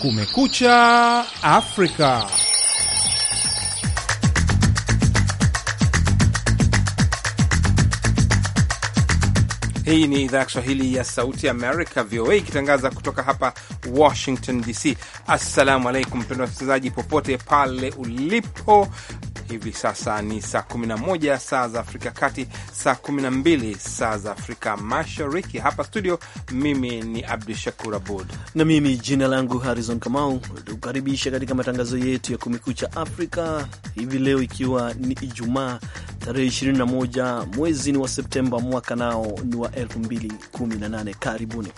Kumekucha Afrika. Hii ni idhaa ya Kiswahili ya Sauti Amerika, VOA, ikitangaza kutoka hapa Washington DC. Assalamu alaikum, mpendwa msikilizaji, popote pale ulipo. Hivi sasa ni saa 11 saa za Afrika Kati, saa 12 saa za Afrika Mashariki. Hapa studio, mimi ni Abdu Shakur Abud na mimi jina langu Harrison Kamau, tukaribisha katika matangazo yetu ya Kumekucha Afrika hivi leo, ikiwa ni Ijumaa tarehe 21 mwezi ni wa Septemba, mwaka nao ni wa 2018. Karibuni.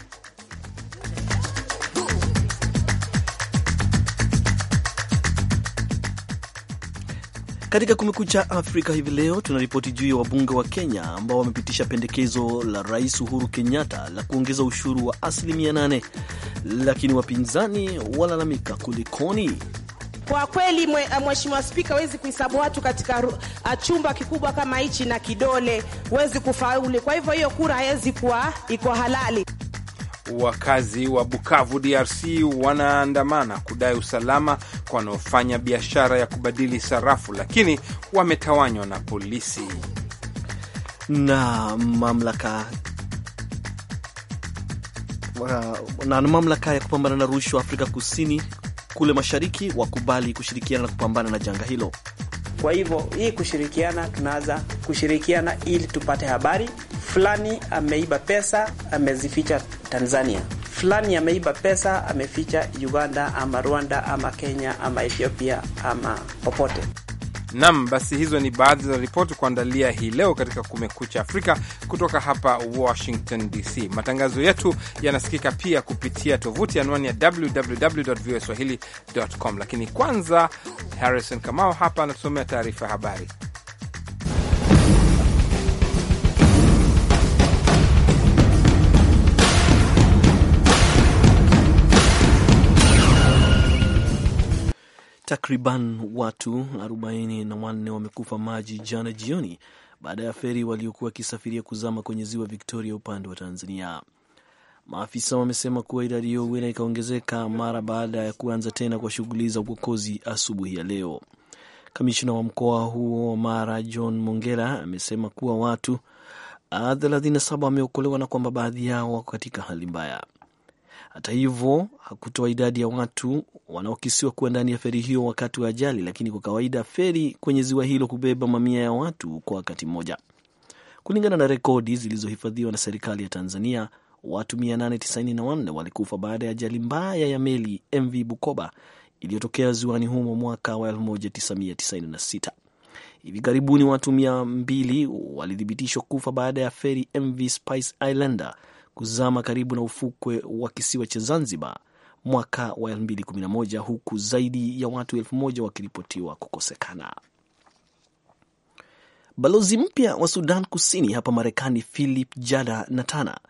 Katika Kumekucha Afrika hivi leo tunaripoti juu ya wabunge wa Kenya ambao wamepitisha pendekezo la Rais Uhuru Kenyatta la kuongeza ushuru wa asilimia 8, lakini wapinzani walalamika. Kulikoni? Kwa kweli eh, Mheshimiwa Spika, huwezi kuhesabu watu katika eh, chumba kikubwa kama hichi na kidole, huwezi kufaulu. Kwa hivyo hiyo kura haiwezi kuwa iko halali. Wakazi wa Bukavu, DRC, wanaandamana kudai usalama kwa wanaofanya biashara ya kubadili sarafu, lakini wametawanywa na polisi na mamlaka na mamlaka ya kupambana na rushwa Afrika Kusini kule mashariki wakubali kushirikiana na kupambana na janga hilo. Kwa hivyo hii kushirikiana, tunaanza kushirikiana ili tupate habari fulani ameiba pesa amezificha Tanzania, fulani ameiba pesa ameficha Uganda ama Rwanda ama Kenya ama Ethiopia ama popote. Nam, basi hizo ni baadhi za ripoti kuandalia hii leo katika Kumekucha Afrika kutoka hapa Washington DC. Matangazo yetu yanasikika pia kupitia tovuti anwani ya www voa com, lakini kwanza Harrison Kamau hapa anatusomea taarifa ya habari. Takriban watu 44 wamekufa maji jana jioni baada ya feri waliokuwa wakisafiria kuzama kwenye ziwa Victoria upande wa Tanzania. Maafisa wamesema kuwa idadi hiyo huenda ikaongezeka mara baada ya kuanza tena kwa shughuli za uokozi asubuhi ya leo. Kamishina wa mkoa huo Mara John Mongera amesema kuwa watu 37 wameokolewa na kwamba baadhi yao wako katika hali mbaya. Hata hivyo hakutoa idadi ya watu wanaokisiwa kuwa ndani ya feri hiyo wakati wa ajali, lakini kwa kawaida feri kwenye ziwa hilo kubeba mamia ya watu kwa wakati mmoja. Kulingana na rekodi zilizohifadhiwa na serikali ya Tanzania, watu 894 walikufa baada ya ajali mbaya ya meli MV Bukoba iliyotokea ziwani humo mwaka wa 1996. Hivi karibuni watu 200 walithibitishwa kufa baada ya feri MV Spice Islander kuzama karibu na ufukwe wa kisiwa cha Zanzibar mwaka wa 2011 huku zaidi ya watu elfu moja wakiripotiwa kukosekana. Balozi mpya wa Sudan Kusini hapa Marekani Philip Jada Natana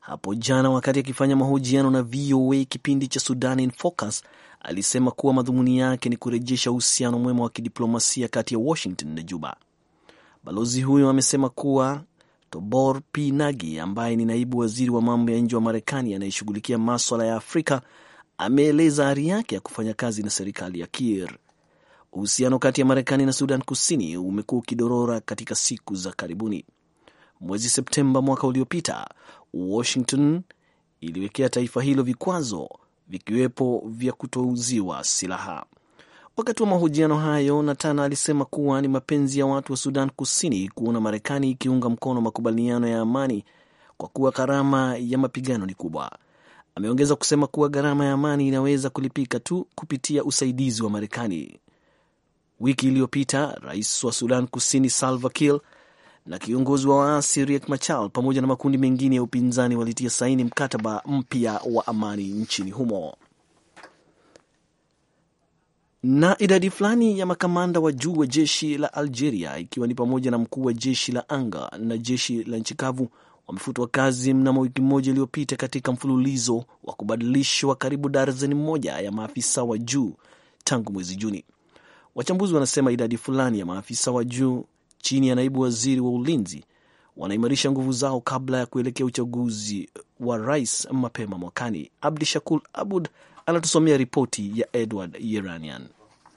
hapo jana wakati akifanya mahojiano na VOA kipindi cha Sudan in Focus alisema kuwa madhumuni yake ni kurejesha uhusiano mwema wa kidiplomasia kati ya Washington na Juba. Balozi huyo amesema kuwa Tobor P Nagi ambaye ni naibu waziri wa mambo ya nje wa Marekani anayeshughulikia maswala ya Afrika ameeleza ari yake ya kufanya kazi na serikali ya Kiir. Uhusiano kati ya Marekani na Sudan Kusini umekuwa ukidorora katika siku za karibuni. Mwezi Septemba mwaka uliopita, Washington iliwekea taifa hilo vikwazo vikiwepo vya kutouziwa silaha. Wakati wa mahojiano hayo, Natana alisema kuwa ni mapenzi ya watu wa Sudan Kusini kuona Marekani ikiunga mkono makubaliano ya amani kwa kuwa gharama ya mapigano ni kubwa. Ameongeza kusema kuwa gharama ya amani inaweza kulipika tu kupitia usaidizi wa Marekani. Wiki iliyopita rais wa Sudan Kusini Salva Kiir na kiongozi wa waasi Riek Machar pamoja na makundi mengine ya upinzani walitia saini mkataba mpya wa amani nchini humo na idadi fulani ya makamanda wa juu wa jeshi la Algeria ikiwa ni pamoja na mkuu wa jeshi la anga na jeshi la nchi kavu wamefutwa kazi mnamo wiki moja iliyopita katika mfululizo wa kubadilishwa karibu darzeni moja ya maafisa wa juu tangu mwezi Juni. Wachambuzi wanasema idadi fulani ya maafisa wa juu chini ya naibu waziri wa ulinzi wanaimarisha nguvu zao kabla ya kuelekea uchaguzi wa rais mapema mwakani. Abdi Shakul, Abud anatusomea ripoti ya Edward Yeranian.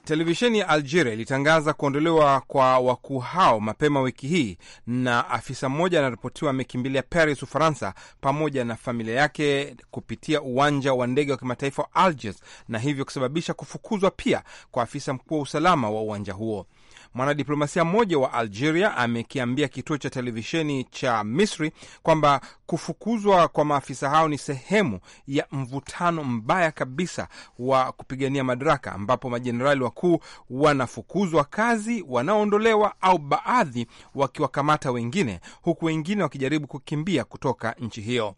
Televisheni ya Algeria ilitangaza kuondolewa kwa wakuu hao mapema wiki hii, na afisa mmoja anaripotiwa amekimbilia Paris, Ufaransa, pamoja na familia yake kupitia uwanja wa ndege wa kimataifa wa Algiers, na hivyo kusababisha kufukuzwa pia kwa afisa mkuu wa usalama wa uwanja huo. Mwanadiplomasia mmoja wa Algeria amekiambia kituo cha televisheni cha Misri kwamba kufukuzwa kwa maafisa hao ni sehemu ya mvutano mbaya kabisa wa kupigania madaraka, ambapo majenerali wakuu wanafukuzwa kazi, wanaoondolewa, au baadhi wakiwakamata wengine, huku wengine wakijaribu kukimbia kutoka nchi hiyo.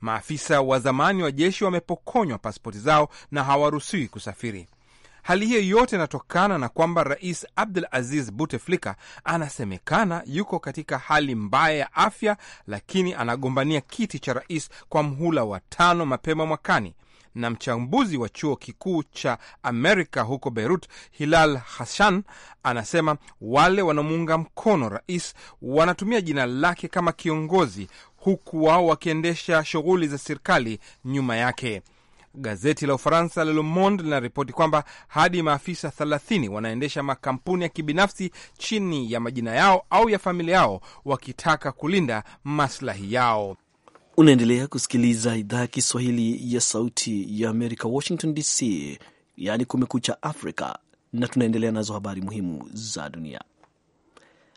Maafisa wa zamani wa jeshi wamepokonywa pasipoti zao na hawaruhusiwi kusafiri. Hali hiyo yote inatokana na kwamba Rais Abdul Aziz Buteflika anasemekana yuko katika hali mbaya ya afya, lakini anagombania kiti cha rais kwa mhula wa tano mapema mwakani na mchambuzi wa chuo kikuu cha Amerika huko Beirut, Hilal Hashan anasema wale wanaomuunga mkono rais wanatumia jina lake kama kiongozi, huku wao wakiendesha shughuli za serikali nyuma yake. Gazeti la Ufaransa la Le Monde linaripoti kwamba hadi maafisa 30 wanaendesha makampuni ya kibinafsi chini ya majina yao au ya familia yao wakitaka kulinda maslahi yao. Unaendelea kusikiliza idhaa ya Kiswahili ya Sauti ya Amerika, Washington DC, yaani Kumekucha Afrika, na tunaendelea nazo habari muhimu za dunia.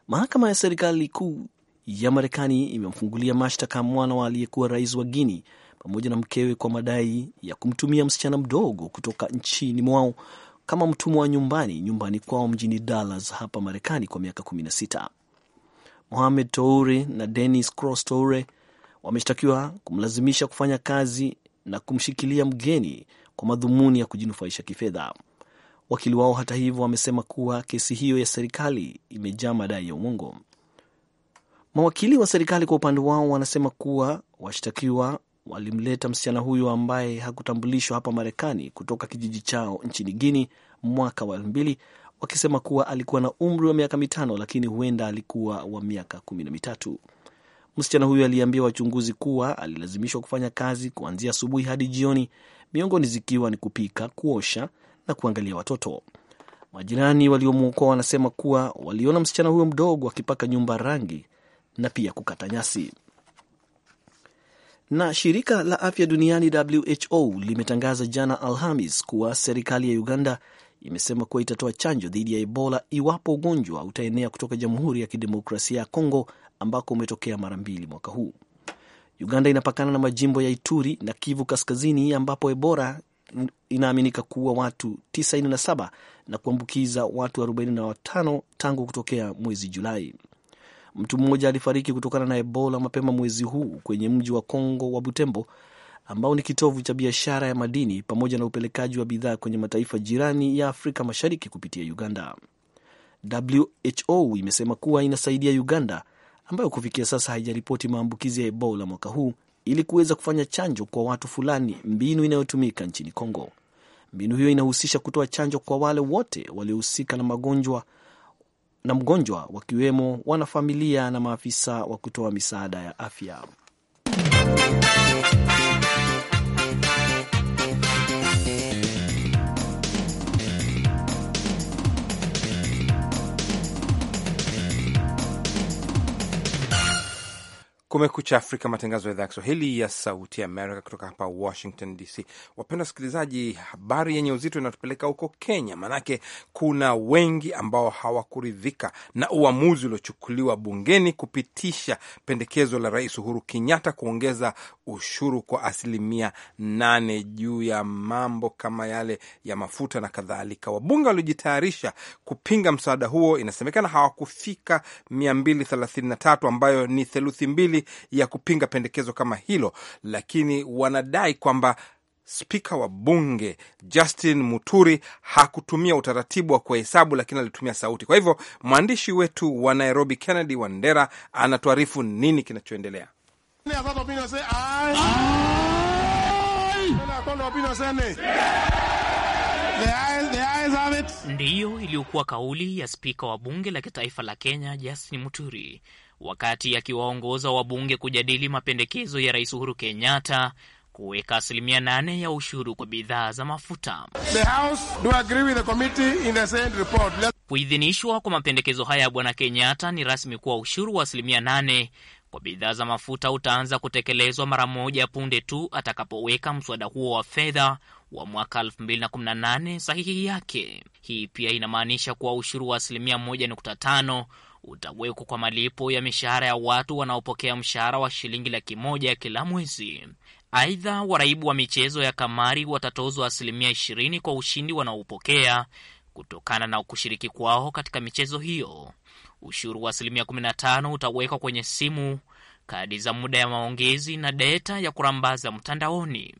Mahakama ya serikali kuu ya Marekani imemfungulia mashtaka mwana wa aliyekuwa rais wa Guini pamoja na mkewe kwa madai ya kumtumia msichana mdogo kutoka nchini mwao kama mtumwa wa nyumbani nyumbani kwao mjini Dallas hapa Marekani kwa miaka 16. Mohamed Toure na Dennis Cross Toure wameshtakiwa kumlazimisha kufanya kazi na kumshikilia mgeni kwa madhumuni ya kujinufaisha kifedha. Wakili wao hata hivyo wamesema kuwa kesi hiyo ya serikali imejaa madai ya uongo. Mawakili wa serikali kwa upande wao wanasema kuwa washtakiwa walimleta msichana huyo ambaye hakutambulishwa hapa Marekani kutoka kijiji chao nchini Guini mwaka wa elfu mbili wakisema kuwa alikuwa na umri wa miaka mitano lakini huenda alikuwa wa miaka kumi na mitatu. Msichana huyo aliambia wachunguzi kuwa alilazimishwa kufanya kazi kuanzia asubuhi hadi jioni, miongoni zikiwa ni kupika, kuosha na kuangalia watoto. Majirani waliomwokoa wanasema kuwa waliona msichana huyo mdogo akipaka nyumba rangi na pia kukata nyasi. Na shirika la afya duniani WHO limetangaza jana Alhamis kuwa serikali ya Uganda imesema kuwa itatoa chanjo dhidi ya Ebola iwapo ugonjwa utaenea kutoka Jamhuri ya Kidemokrasia ya Kongo ambako umetokea mara mbili mwaka huu. Uganda inapakana na majimbo ya Ituri na Kivu Kaskazini ambapo Ebola inaaminika kuua watu 97 na kuambukiza watu 45 tangu kutokea mwezi Julai. Mtu mmoja alifariki kutokana na Ebola mapema mwezi huu kwenye mji wa Kongo wa Butembo ambao ni kitovu cha biashara ya madini pamoja na upelekaji wa bidhaa kwenye mataifa jirani ya Afrika Mashariki kupitia Uganda. WHO imesema kuwa inasaidia Uganda ambayo kufikia sasa haijaripoti maambukizi ya Ebola mwaka huu ili kuweza kufanya chanjo kwa watu fulani, mbinu inayotumika nchini Kongo. Mbinu hiyo inahusisha kutoa chanjo kwa wale wote waliohusika na magonjwa na mgonjwa wakiwemo wanafamilia na maafisa wa kutoa misaada ya afya. Kumekucha Afrika, matangazo ya idhaa ya Kiswahili ya Sauti ya Amerika kutoka hapa Washington DC. Wapenda wasikilizaji, habari yenye uzito inatupeleka huko Kenya, maanake kuna wengi ambao hawakuridhika na uamuzi uliochukuliwa bungeni kupitisha pendekezo la Rais Uhuru Kenyatta kuongeza ushuru kwa asilimia nane juu ya mambo kama yale ya mafuta na kadhalika. Wabunge waliojitayarisha kupinga msaada huo inasemekana hawakufika 233 ambayo ni theluthi mbili ya kupinga pendekezo kama hilo, lakini wanadai kwamba spika wa bunge Justin Muturi hakutumia utaratibu wa kuhesabu, lakini alitumia sauti. Kwa hivyo mwandishi wetu wa Nairobi Kennedy Wandera anatuarifu nini kinachoendelea. Ndiyo iliyokuwa kauli ya spika wa bunge la kitaifa la Kenya Justin Muturi wakati akiwaongoza wabunge kujadili mapendekezo ya Rais Uhuru Kenyatta kuweka asilimia nane ya ushuru kwa bidhaa za mafuta. Kuidhinishwa kwa mapendekezo haya ya Bwana Kenyatta ni rasmi kuwa ushuru wa asilimia nane kwa bidhaa za mafuta utaanza kutekelezwa mara moja punde tu atakapoweka mswada huo wa fedha wa mwaka 2018 sahihi yake. Hii pia inamaanisha kuwa ushuru wa asilimia 1.5 utawekwa kwa malipo ya mishahara ya watu wanaopokea mshahara wa shilingi laki moja kila mwezi. Aidha, waraibu wa michezo ya kamari watatozwa asilimia 20 kwa ushindi wanaopokea kutokana na kushiriki kwao katika michezo hiyo. Ushuru wa asilimia 15 utawekwa kwenye simu, kadi za muda ya maongezi na deta ya kurambaza mtandaoni.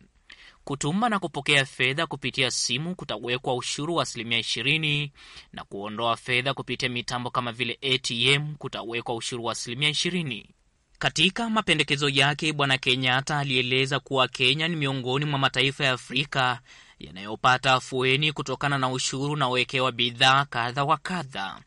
Kutuma na kupokea fedha kupitia simu kutawekwa ushuru wa asilimia 20 na kuondoa fedha kupitia mitambo kama vile ATM kutawekwa ushuru wa asilimia 20. Katika mapendekezo yake, Bwana Kenyatta alieleza kuwa Kenya ni miongoni mwa mataifa ya Afrika yanayopata afueni kutokana na ushuru unaowekewa bidhaa kadha wa kadha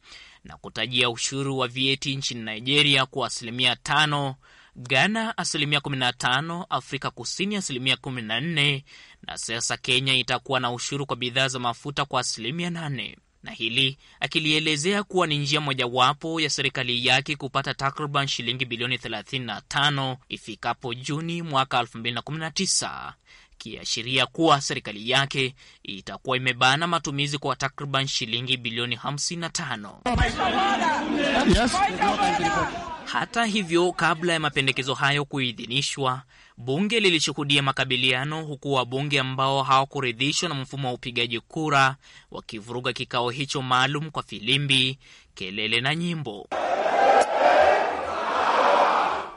na kutajia ushuru wa vieti nchini Nigeria kuwa asilimia tano Ghana asilimia 15, Afrika Kusini asilimia 14, na sasa Kenya itakuwa na ushuru kwa bidhaa za mafuta kwa asilimia 8, na hili akilielezea kuwa ni njia mojawapo ya serikali yake kupata takriban shilingi bilioni 35 ifikapo Juni mwaka 2019 ikiashiria kuwa serikali yake itakuwa imebana matumizi kwa takriban shilingi bilioni 55. Yes. Hata hivyo, kabla ya mapendekezo hayo kuidhinishwa, bunge lilishuhudia makabiliano, huku wabunge ambao hawakuridhishwa na mfumo wa upigaji kura wakivuruga kikao hicho maalum kwa filimbi, kelele na nyimbo.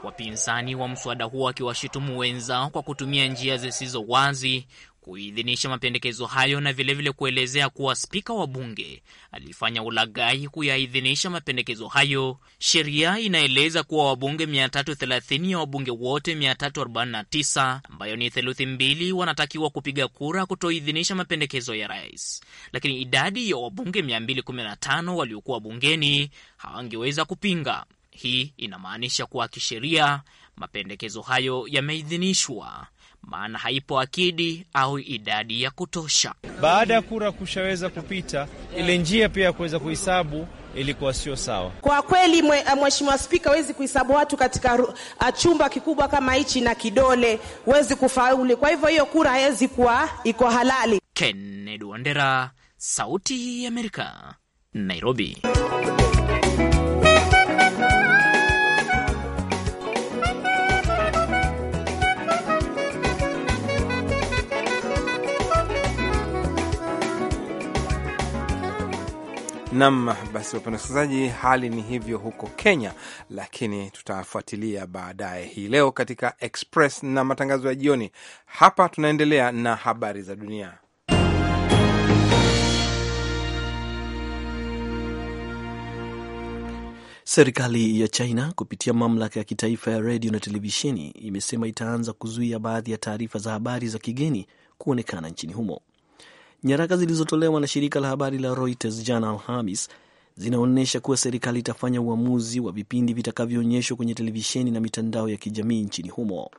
Wapinzani wa mswada huo wakiwashutumu wenzao kwa kutumia njia zisizo wazi kuidhinisha mapendekezo hayo na vilevile vile kuelezea kuwa spika wa bunge alifanya ulaghai kuyaidhinisha mapendekezo hayo. Sheria inaeleza kuwa wabunge 330 ya wabunge wote 349 ambayo ni theluthi mbili wanatakiwa kupiga kura kutoidhinisha mapendekezo ya rais, lakini idadi ya wabunge 215 waliokuwa bungeni hawangeweza kupinga. Hii inamaanisha kuwa kisheria mapendekezo hayo yameidhinishwa, maana haipo akidi au idadi ya kutosha. Baada ya kura kushaweza kupita, ile njia pia ya kuweza kuhesabu ilikuwa sio sawa. Kwa kweli, eh, Mheshimiwa Spika, huwezi kuhesabu watu katika ah, chumba kikubwa kama hichi na kidole, huwezi kufauli. Kwa hivyo hiyo kura haiwezi kuwa iko halali. Kennedy Wandera, Sauti ya Amerika, Nairobi. Nam, basi wapenda wasikilizaji, hali ni hivyo huko Kenya, lakini tutafuatilia baadaye hii leo katika Express na matangazo ya jioni. Hapa tunaendelea na habari za dunia. Serikali ya China kupitia mamlaka ya kitaifa ya redio na televisheni imesema itaanza kuzuia baadhi ya taarifa za habari za kigeni kuonekana nchini humo. Nyaraka zilizotolewa na shirika la habari la Reuters jana Alhamis zinaonyesha kuwa serikali itafanya uamuzi wa vipindi vitakavyoonyeshwa kwenye televisheni na mitandao ya kijamii nchini humo.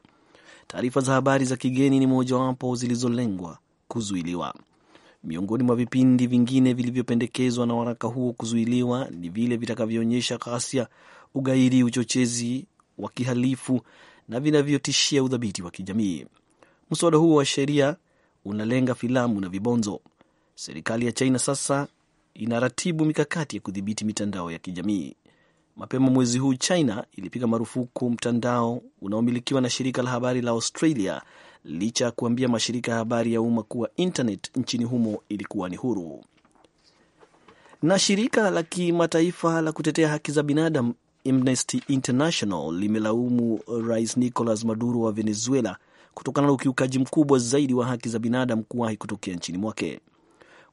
Taarifa za habari za kigeni ni mojawapo zilizolengwa kuzuiliwa. Miongoni mwa vipindi vingine vilivyopendekezwa na waraka huo kuzuiliwa ni vile vitakavyoonyesha ghasia, ugaidi, uchochezi wa kihalifu na vinavyotishia udhabiti wa kijamii. Mswada huo wa sheria unalenga filamu na vibonzo. Serikali ya China sasa inaratibu mikakati ya kudhibiti mitandao ya kijamii. Mapema mwezi huu, China ilipiga marufuku mtandao unaomilikiwa na shirika la habari la Australia licha ya kuambia mashirika ya habari ya umma kuwa internet nchini humo ilikuwa ni huru. Na shirika la kimataifa la kutetea haki za binadamu Amnesty International limelaumu Rais Nicolas Maduro wa Venezuela kutokana na ukiukaji mkubwa zaidi wa haki za binadamu kuwahi kutokea nchini mwake.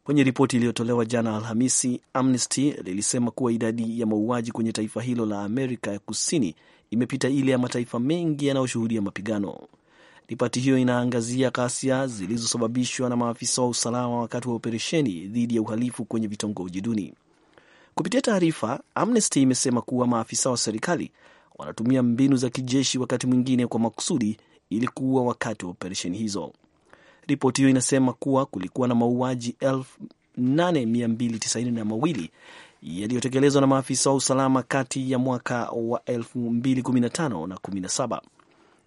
Kwenye ripoti iliyotolewa jana Alhamisi, Amnesty lilisema kuwa idadi ya mauaji kwenye taifa hilo la Amerika ya Kusini imepita ile ya mataifa mengi yanayoshuhudia mapigano. Ripoti hiyo inaangazia ghasia zilizosababishwa na maafisa wa usalama wakati wa operesheni dhidi ya uhalifu kwenye vitongoji duni. Kupitia taarifa, Amnesty imesema kuwa maafisa wa serikali wanatumia mbinu za kijeshi wakati mwingine kwa makusudi ili kuua wakati wa operesheni hizo. Ripoti hiyo inasema kuwa kulikuwa na mauaji 8292 yaliyotekelezwa na maafisa wa usalama kati ya mwaka wa 2015 na 17.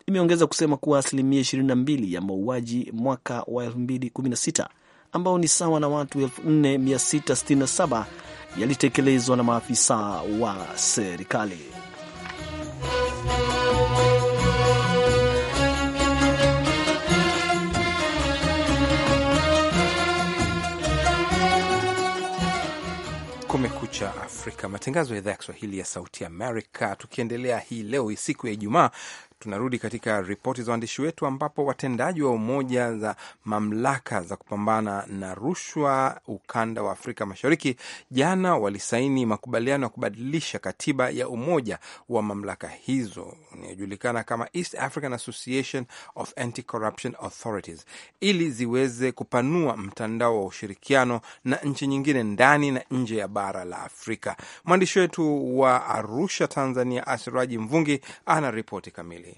Imeongeza kusema kuwa asilimia 22 ya mauaji mwaka wa 2016 ambao ni sawa na watu 4667 yalitekelezwa na maafisa wa serikali. Kumekucha Afrika, matangazo ya idhaa ya Kiswahili ya Sauti Amerika, tukiendelea hii leo, siku ya Ijumaa, Tunarudi katika ripoti za waandishi wetu, ambapo watendaji wa umoja za mamlaka za kupambana na rushwa ukanda wa Afrika Mashariki jana walisaini makubaliano ya kubadilisha katiba ya umoja wa mamlaka hizo inayojulikana kama East African Association of Anti-Corruption Authorities ili ziweze kupanua mtandao wa ushirikiano na nchi nyingine ndani na nje ya bara la Afrika. Mwandishi wetu wa Arusha, Tanzania, Asiraji Mvungi ana ripoti kamili.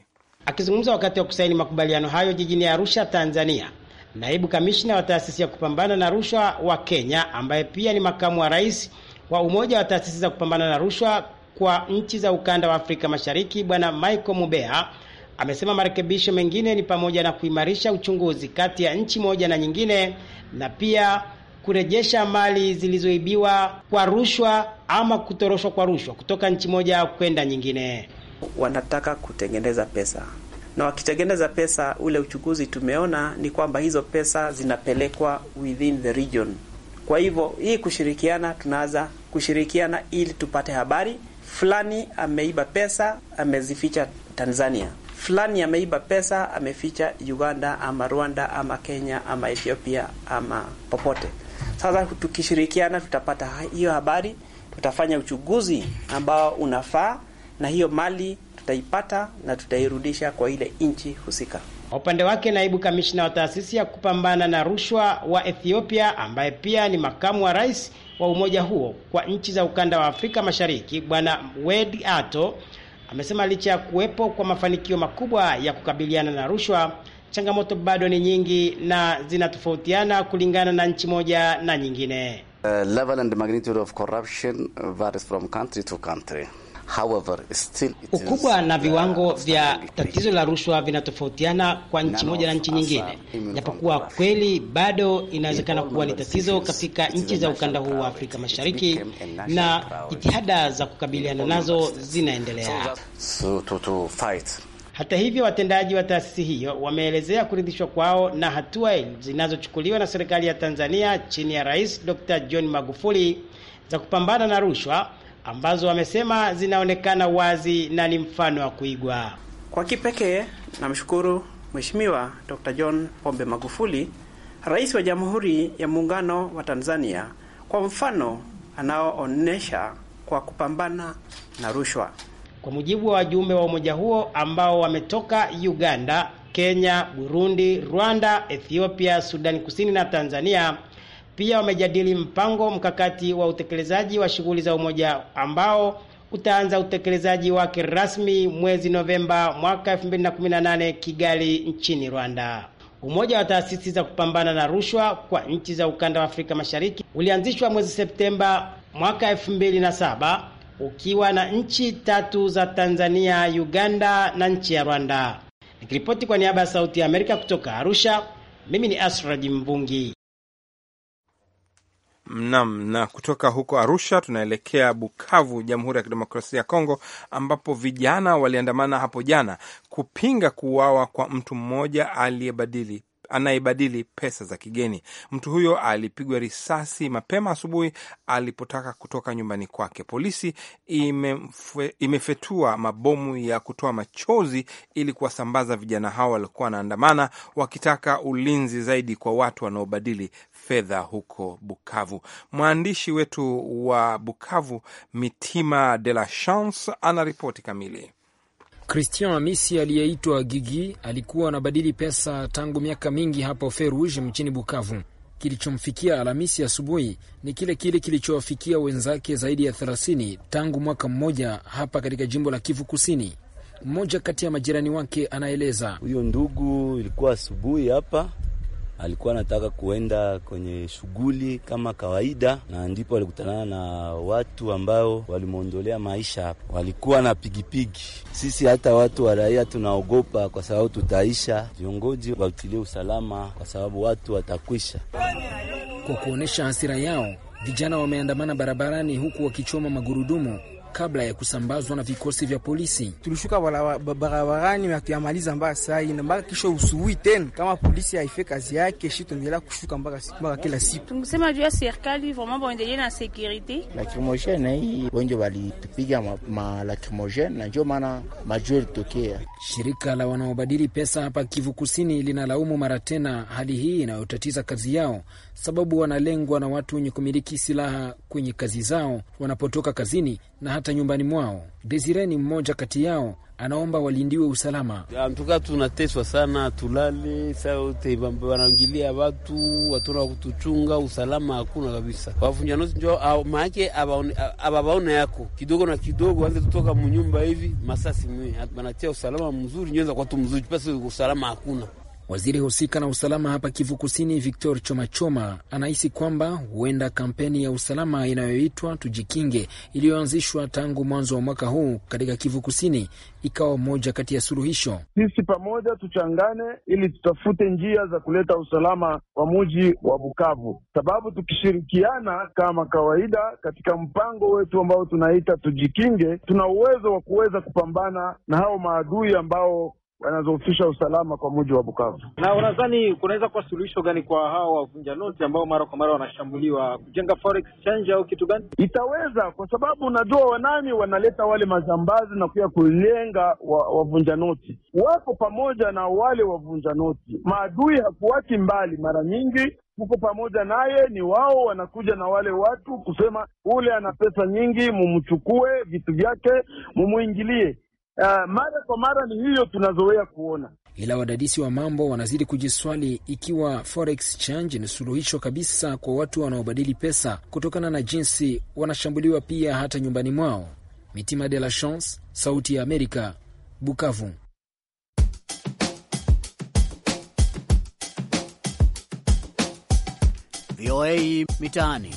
Akizungumza wakati wa kusaini makubaliano hayo jijini Arusha, Tanzania, naibu kamishna wa taasisi ya kupambana na rushwa wa Kenya ambaye pia ni makamu wa rais wa umoja wa taasisi za kupambana na rushwa kwa nchi za ukanda wa Afrika Mashariki, Bwana Michael Mubea amesema marekebisho mengine ni pamoja na kuimarisha uchunguzi kati ya nchi moja na nyingine na pia kurejesha mali zilizoibiwa kwa rushwa ama kutoroshwa kwa rushwa kutoka nchi moja kwenda nyingine wanataka kutengeneza pesa, na wakitengeneza pesa, ule uchukuzi tumeona ni kwamba hizo pesa zinapelekwa within the region. Kwa hivyo hii kushirikiana, tunaanza kushirikiana ili tupate habari fulani ameiba pesa amezificha Tanzania, fulani ameiba pesa ameficha Uganda ama Rwanda ama Kenya ama Ethiopia ama popote. Sasa tukishirikiana, tutapata hiyo habari, tutafanya uchunguzi ambao unafaa, na hiyo mali tutaipata na tutairudisha kwa ile nchi husika. Kwa upande wake naibu kamishna wa taasisi ya kupambana na rushwa wa Ethiopia ambaye pia ni makamu wa rais wa umoja huo kwa nchi za ukanda wa Afrika Mashariki, Bwana Wedi Ato amesema licha ya kuwepo kwa mafanikio makubwa ya kukabiliana na rushwa, changamoto bado ni nyingi na zinatofautiana kulingana na nchi moja na nyingine. Uh, level and magnitude of corruption varies from country to country. However, still it ukubwa is, na uh, viwango vya tatizo la rushwa vinatofautiana kwa nchi moja na nchi nyingine, japokuwa kweli bado inawezekana kuwa ni tatizo katika nchi za ukanda huu wa Afrika Mashariki, na jitihada za kukabiliana nazo zinaendelea. So to, to fight. Hata hivyo, watendaji wa taasisi hiyo wameelezea kuridhishwa kwao na hatua zinazochukuliwa na serikali ya Tanzania chini ya Rais Dr. John Magufuli za kupambana na rushwa ambazo wamesema zinaonekana wazi na ni mfano wa kuigwa. Kwa kipekee namshukuru Mheshimiwa Dr. John Pombe Magufuli, Rais wa Jamhuri ya Muungano wa Tanzania, kwa mfano anaoonyesha kwa kupambana na rushwa. Kwa mujibu wa wajumbe wa umoja huo ambao wametoka Uganda, Kenya, Burundi, Rwanda, Ethiopia, Sudani Kusini na Tanzania pia wamejadili mpango mkakati wa utekelezaji wa shughuli za umoja ambao utaanza utekelezaji wake rasmi mwezi Novemba mwaka 2018 Kigali nchini Rwanda. Umoja wa taasisi za kupambana na rushwa kwa nchi za ukanda wa Afrika Mashariki ulianzishwa mwezi Septemba mwaka 2007 ukiwa na nchi tatu za Tanzania, Uganda na nchi ya Rwanda. Nikiripoti kwa niaba ya Sauti ya Amerika kutoka Arusha, mimi ni Asraji Mvungi nam na kutoka huko Arusha tunaelekea Bukavu, Jamhuri ya Kidemokrasia ya Kongo, ambapo vijana waliandamana hapo jana kupinga kuuawa kwa mtu mmoja aliyebadili anayebadili pesa za kigeni. Mtu huyo alipigwa risasi mapema asubuhi alipotaka kutoka nyumbani kwake. Polisi imefue, imefetua mabomu ya kutoa machozi ili kuwasambaza vijana hao waliokuwa wanaandamana wakitaka ulinzi zaidi kwa watu wanaobadili fedha huko Bukavu. Mwandishi wetu wa Bukavu, Mitima de la Chance, ana ripoti kamili. Christian Amisi aliyeitwa Gigi alikuwa anabadili pesa tangu miaka mingi hapo Feruge mchini Bukavu. Kilichomfikia Alhamisi asubuhi ni kile kile kilichowafikia wenzake zaidi ya 30 tangu mwaka mmoja hapa katika jimbo la Kivu Kusini. Mmoja kati ya majirani wake anaeleza, huyo ndugu ilikuwa asubuhi hapa alikuwa anataka kuenda kwenye shughuli kama kawaida, na ndipo alikutana na watu ambao walimwondolea maisha hapo, walikuwa na pigipigi. Sisi hata watu wa raia tunaogopa kwa sababu tutaisha. Viongozi wautilie usalama kwa sababu watu watakwisha. Kwa kuonyesha hasira yao, vijana wameandamana barabarani huku wakichoma magurudumu kabla ya kusambazwa na vikosi vya polisi. Tulishuka barabarani wakuyamaliza mpaka sai na mpaka kisha usubuhi tena, kama polisi haife kazi yake shi tunaendelea kushuka mpaka kila siku. Tungusema juu ya serikali vraiment baendelee na security. Lacrimogene eh, hii wengi walitupiga malacrimogene na ndio maana majuu ilitokea. Shirika la wanaobadili pesa hapa Kivu Kusini linalaumu mara tena hali hii inayotatiza kazi yao, sababu wanalengwa na watu wenye kumiliki silaha kwenye kazi zao wanapotoka kazini na hata nyumbani mwao. Desire ni mmoja kati yao, anaomba walindiwe usalama. Antuka tunateswa sana, tulale saute, wanaingilia watu, watuna wakutuchunga, usalama hakuna kabisa. Wafunja nosi njo maake avavaona yako kidogo na kidogo, anze tutoka munyumba hivi masasi mwe banatia usalama mzuri, nyeza kwatu mzuri, pasi usalama hakuna Waziri husika na usalama hapa Kivu Kusini, Victor Chomachoma, anahisi kwamba huenda kampeni ya usalama inayoitwa Tujikinge iliyoanzishwa tangu mwanzo wa mwaka huu katika Kivu Kusini ikawa moja kati ya suluhisho. Sisi pamoja tuchangane, ili tutafute njia za kuleta usalama wa muji wa Bukavu, sababu tukishirikiana kama kawaida katika mpango wetu ambao tunaita Tujikinge, tuna uwezo wa kuweza kupambana na hao maadui ambao wanazohusisha usalama kwa muji wa Bukavu. Na unadhani kunaweza kuwa suluhisho gani kwa hawa wavunja noti ambao mara kwa mara wanashambuliwa, kujenga forex change au kitu gani? Itaweza, kwa sababu unajua wanani wanaleta wale majambazi na kuya kulenga wavunja noti, wako pamoja na wale wavunja noti. Maadui hakuwaki mbali, mara nyingi uko pamoja naye, ni wao wanakuja na wale watu kusema ule ana pesa nyingi, mumchukue vitu vyake, mumuingilie Uh, mara kwa mara ni hiyo tunazoea kuona, ila wadadisi wa mambo wanazidi kujiswali ikiwa forex change ni suluhisho kabisa kwa watu wanaobadili pesa kutokana na jinsi wanashambuliwa pia hata nyumbani mwao. Mitima de la Chance, Sauti ya Amerika, Bukavu. VOA Mitaani.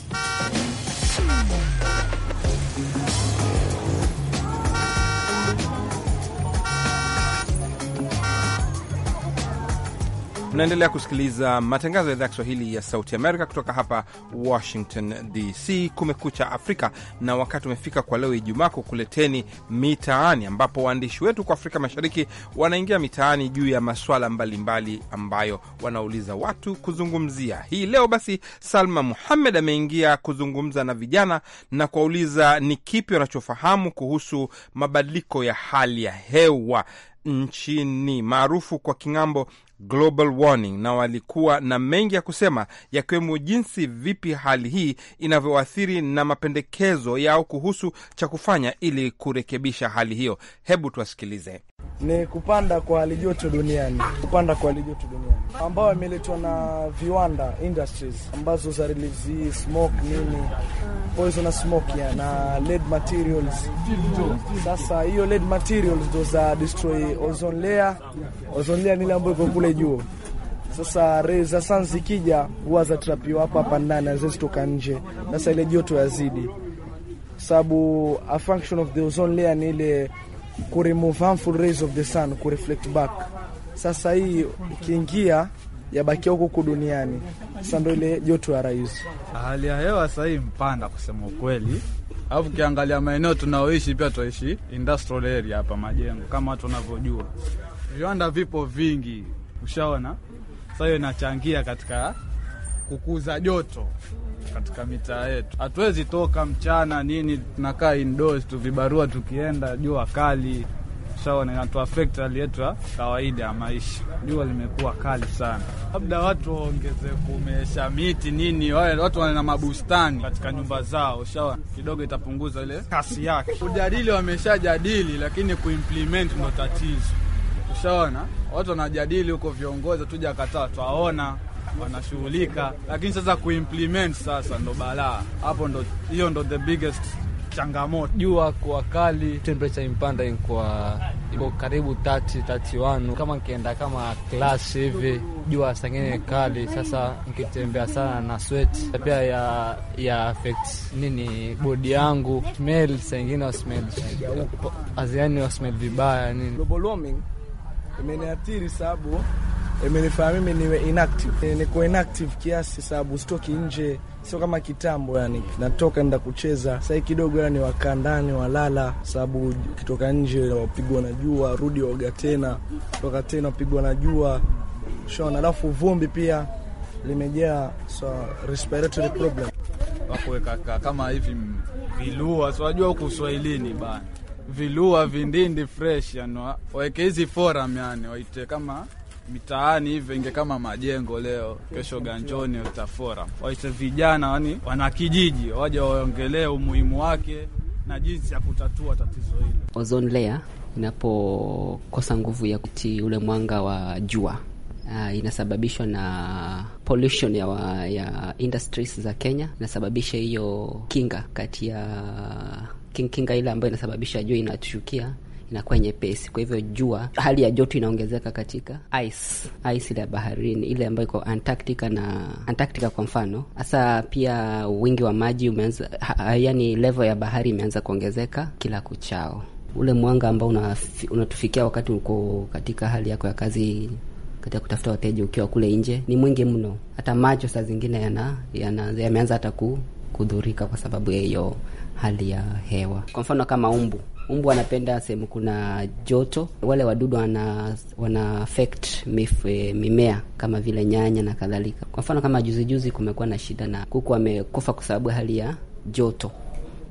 Mnaendelea kusikiliza matangazo ya idhaa ya Kiswahili ya Sauti Amerika kutoka hapa Washington DC. Kumekucha Afrika, na wakati umefika kwa leo Ijumaa kukuleteni Mitaani, ambapo waandishi wetu kwa Afrika Mashariki wanaingia mitaani juu ya maswala mbalimbali mbali ambayo wanauliza watu kuzungumzia hii leo. Basi Salma Muhammed ameingia kuzungumza na vijana na kuwauliza ni kipi wanachofahamu kuhusu mabadiliko ya hali ya hewa nchini maarufu kwa king'ambo Global na walikuwa na mengi ya kusema yakiwemo jinsi vipi hali hii inavyoathiri na mapendekezo yao kuhusu cha kufanya ili kurekebisha hali hiyo. Hebu tuwasikilize ni kupanda kwa hali joto duniani, kupanda kwa hali joto duniani ambayo imeletwa na viwanda industries ambazo za release smoke nini poison smoke ya na lead materials. Sasa hiyo lead materials ndo za destroy ozone layer. Ozone layer ni ile ambayo iko kule juu. Sasa rays za sun zikija huwa za zatrapiwa hapa hapa ndani, toka nje. Sasa ile joto yazidi, sababu a function of the ozone layer ni ile kuremove harmful rays of the sun ku reflect back. Sasa hii ukiingia yabakia huko huku duniani, sasa ndo ile joto ya rais. Ah, hali ya hewa sasa hii mpanda kusema ukweli, alafu ukiangalia maeneo tunaoishi pia tuaishi industrial area hapa, majengo kama watu wanavyojua, viwanda vipo vingi, ushaona. Sasa hiyo inachangia katika kukuza joto katika mitaa yetu. Hatuwezi toka mchana nini, tunakaa indoors tu, vibarua tukienda, jua kali sawa, inatuafekti hali yetu ya kawaida ya maisha. Jua limekuwa kali sana, labda watu waongeze kumesha miti nini, wale watu wana mabustani katika nyumba zao, shawa kidogo itapunguza ile kasi yake. Kujadili wameshajadili, lakini kuimplement ndo tatizo. Ushaona watu wanajadili huko, viongozi tuja kataa, twaona wanashughulika, lakini sasa kuimplement sasa ndo balaa hapo, ndo hiyo ndo the biggest changamoto. Jua kwa kali, temperature impanda kwa iko karibu 30 31. Kama nkienda kama klasi hivi, jua sangine kali, sasa nkitembea sana na sweti pia ya ya affect nini bodi yangu, smell saa ingine wasmell aziani wasmell vibaya nini, global warming imeniathiri sababu imenifanya mimi niwe inactive, eh, niko inactive kiasi, sababu sitoki nje, sio kama kitambo. Yani natoka nda kucheza sai kidogo, yani wakaa ndani walala, sababu ukitoka nje wapigwa na jua, rudi waoga tena, toka tena wapigwa na jua, shona, alafu vumbi pia limejaa, so respiratory problem wakuweka kama hivi vilua, so wajua huku Uswahilini bana vilua vindindi fresh, yani waweke hizi forum, yani waite kama mitaani hivyo, inge kama majengo leo, kesho ganjoni utafora. Waite vijana wana wanakijiji waja waongelee umuhimu wake na jinsi ya kutatua tatizo hilo. Ozone layer inapokosa nguvu ya kuti ule mwanga wa jua Uh, inasababishwa na pollution ya, wa, ya industries za Kenya, inasababisha hiyo kinga kati ya kinga ile ambayo inasababisha jua inatushukia inakuwa nyepesi. Kwa hivyo jua, hali ya joto inaongezeka katika ice, ice ile ya baharini ile ambayo iko Antarctica na Antarctica kwa mfano. Hasa pia wingi wa maji umeanza, yaani level ya bahari imeanza kuongezeka kila kuchao. Ule mwanga ambao unatufikia una wakati uko katika hali yako ya kazi katika kutafuta wateja ukiwa kule nje ni mwingi mno, hata macho saa zingine yana, yana, yameanza hata kudhurika kwa sababu ya hiyo hali ya hewa. Kwa mfano kama umbu Umbu wanapenda sehemu kuna joto. Wale wadudu wana, wana affect mif, eh, mimea kama vile nyanya na kadhalika. Kwa mfano kama juzijuzi, kumekuwa na shida na kuku wamekufa kwa sababu hali ya joto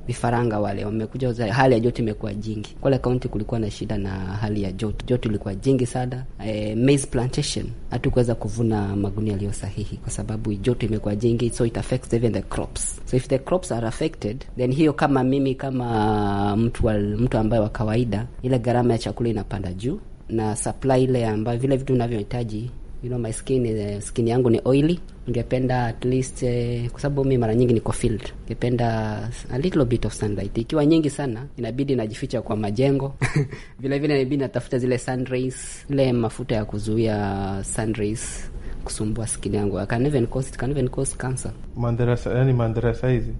vifaranga wale wamekuja hali ya joto imekuwa jingi Kwale kaunti, kulikuwa na shida na hali ya joto, joto ilikuwa jingi sana. E, maize plantation hatukuweza kuvuna magunia yaliyo sahihi kwa sababu joto imekuwa jingi, so it affects even the crops, so if the crops are affected then hiyo, kama mimi kama mtu, wa, mtu ambaye wa kawaida, ile gharama ya chakula inapanda juu na supply ile ambayo vile vitu unavyohitaji you know my skin is, eh, skin yangu ni oily. Ningependa at least uh, kwa sababu mimi mara nyingi niko field, ningependa a little bit of sunlight. Ikiwa nyingi sana, inabidi najificha kwa majengo vile vile inabidi natafuta zile sun rays, ile mafuta ya kuzuia sun rays kusumbua skin yangu. I can even cause it can even cause cancer. Mandarasa, yani mandarasa hizi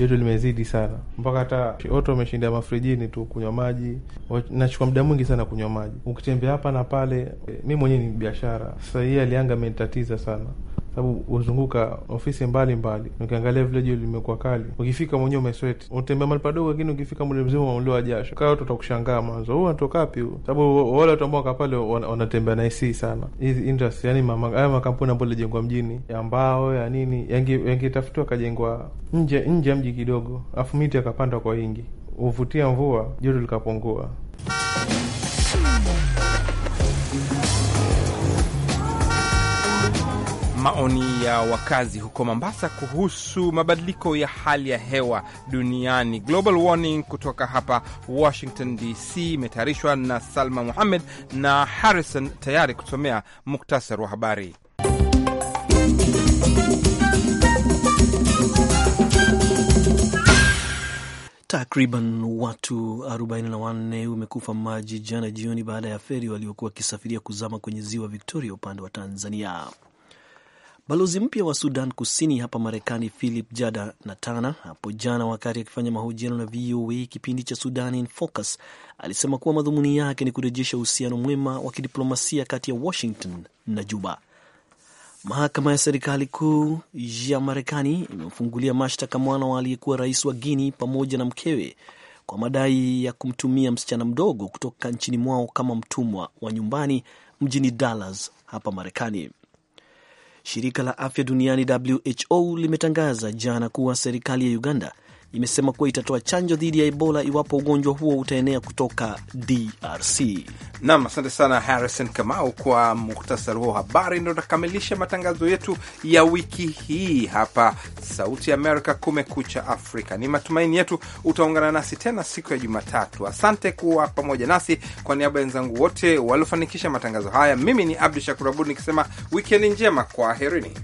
joto limezidi sana mpaka hata oto ameshindia mafrijini tu kunywa maji. Nachukua muda mwingi sana kunywa maji, ukitembea hapa na pale. Eh, Mi mwenyewe ni biashara, sasa hii alianga amenitatiza sana sababu huzunguka ofisi mbalimbali. Ukiangalia vile jua limekuwa kali, ukifika mwenyewe umesweti, utembea mali padogo, lakini ukifika mwili mzima umeuliwa jasho, kaa watu watakushangaa mwanzo, huu anatoka wapi huu? Sababu wale watu ambao pale wanatembea na hisi sana hizi industry, yani haya makampuni ambayo lijengwa mjini ya mbao ya nini, yangetafutiwa akajengwa nje nje ya mji kidogo, afu miti akapandwa kwa wingi, huvutia mvua, joto likapungua. Maoni ya wakazi huko Mombasa kuhusu mabadiliko ya hali ya hewa duniani, global warning kutoka hapa Washington DC, imetayarishwa na Salma Muhammed na Harrison, tayari kusomea muktasar wa habari. Takriban watu 44 wamekufa maji jana jioni baada ya feri waliokuwa wakisafiria kuzama kwenye ziwa Victoria upande wa Tanzania. Balozi mpya wa Sudan Kusini hapa Marekani Philip Jada Natana hapo jana, wakati akifanya mahojiano na VOA kipindi cha Sudan in Focus, alisema kuwa madhumuni yake ni kurejesha uhusiano mwema wa kidiplomasia kati ya Washington na Juba. Mahakama ya serikali kuu ya Marekani imemfungulia mashtaka mwana wa aliyekuwa rais wa Guini pamoja na mkewe kwa madai ya kumtumia msichana mdogo kutoka nchini mwao kama mtumwa wa nyumbani mjini Dallas hapa Marekani. Shirika la afya duniani WHO limetangaza jana kuwa serikali ya Uganda imesema kuwa itatoa chanjo dhidi ya Ebola iwapo ugonjwa huo utaenea kutoka DRC. Nam, asante sana Harrison Kamau kwa muktasari wa habari. Ndo nakamilisha matangazo yetu ya wiki hii hapa Sauti ya Amerika, Kumekucha Afrika. Ni matumaini yetu utaungana nasi tena siku ya Jumatatu. Asante kuwa pamoja nasi. Kwa niaba ya wenzangu wote waliofanikisha matangazo haya, mimi ni Abdu Shakur Abud nikisema wikendi njema, kwa herini